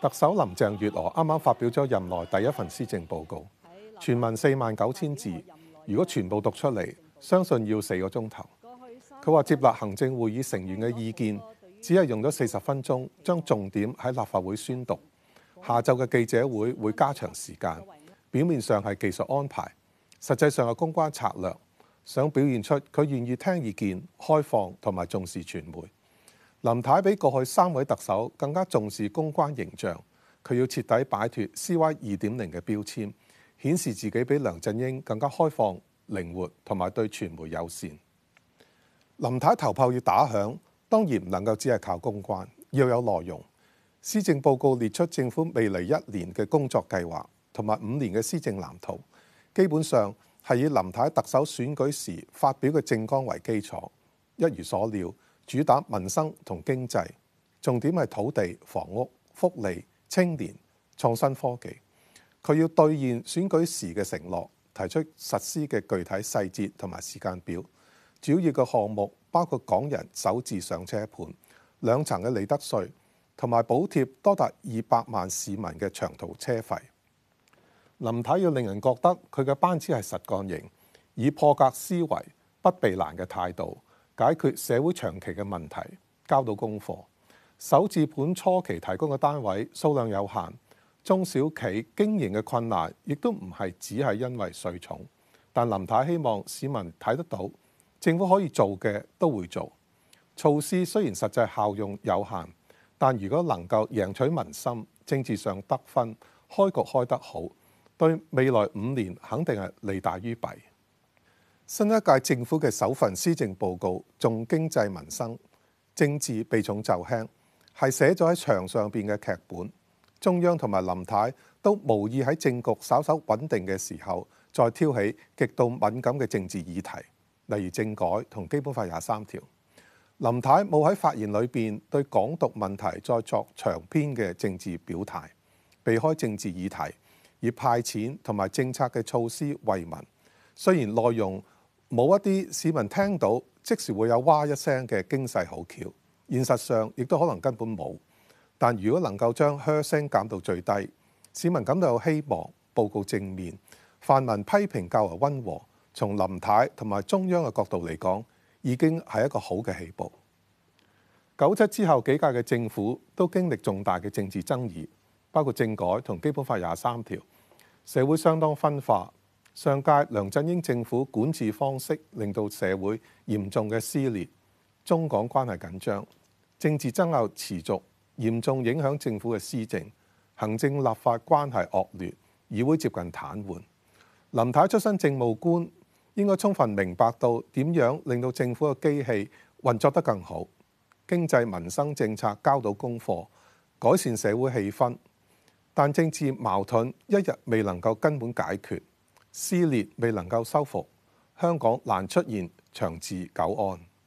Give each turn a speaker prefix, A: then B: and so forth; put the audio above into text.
A: 特首林鄭月娥啱啱發表咗任內第一份施政報告，全文四萬九千字，如果全部讀出嚟，相信要四個鐘頭。佢話接納行政會議成員嘅意見，只係用咗四十分鐘，將重點喺立法會宣讀。下晝嘅記者會會加長時間，表面上係技術安排，實際上係公關策略，想表現出佢願意聽意見、開放同埋重視傳媒。林太比過去三位特首更加重視公關形象，佢要徹底擺脱 CY 二點零嘅標籤，顯示自己比梁振英更加開放、靈活同埋對傳媒友善。林太頭炮要打響，當然唔能夠只係靠公關，要有內容。施政報告列出政府未來一年嘅工作計劃同埋五年嘅施政藍圖，基本上係以林太特首選舉時發表嘅政綱為基礎。一如所料。主打民生同經濟，重點係土地、房屋、福利、青年、創新科技。佢要兌現選舉時嘅承諾，提出實施嘅具體細節同埋時間表。主要嘅項目包括港人首置上車盤、兩層嘅利得稅同埋補貼，多達二百萬市民嘅長途車費。林太要令人覺得佢嘅班次係實幹型，以破格思維、不避難嘅態度，解決社會長期嘅問題，交到功課。首置盤初期提供嘅單位數量有限，中小企經營嘅困難亦都唔係只係因為稅重。但林太希望市民睇得到，政府可以做嘅都會做。措施雖然實際效用有限，但如果能夠贏取民心，政治上得分，開局開得好，對未來五年肯定係利大於弊。新一屆政府嘅首份施政報告重經濟民生，政治避重就輕，係寫咗喺牆上邊嘅劇本。中央同埋林太都無意喺政局稍稍穩定嘅時候，再挑起極度敏感嘅政治議題，例如政改同基本法廿三條。林太冇喺發言裏邊對港獨問題再作長篇嘅政治表態，避開政治議題，而派錢同埋政策嘅措施為民。雖然內容，冇一啲市民聽到即時會有哇一聲嘅經濟好橋，現實上亦都可能根本冇。但如果能夠將噓聲減到最低，市民感到有希望，報告正面，泛民批評較為溫和，從林太同埋中央嘅角度嚟講，已經係一個好嘅起步。九七之後幾屆嘅政府都經歷重大嘅政治爭議，包括政改同基本法廿三條，社會相當分化。上屆梁振英政府管治方式令到社會嚴重嘅撕裂，中港關係緊張，政治爭拗持續，嚴重影響政府嘅施政，行政立法關係惡劣，議會接近癱瘓。林太出身政務官，應該充分明白到點樣令到政府嘅機器運作得更好，經濟民生政策交到功課，改善社會氣氛，但政治矛盾一日未能夠根本解決。撕裂未能夠修復，香港難出現長治久安。